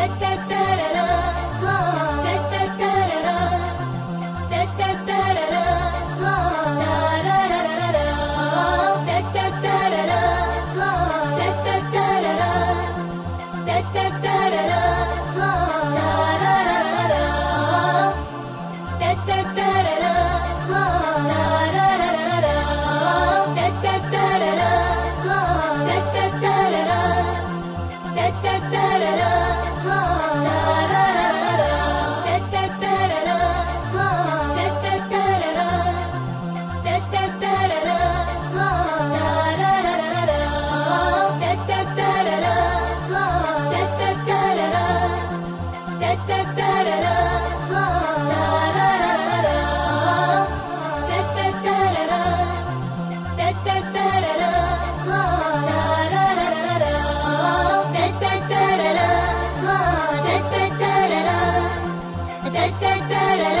da da da. da da da da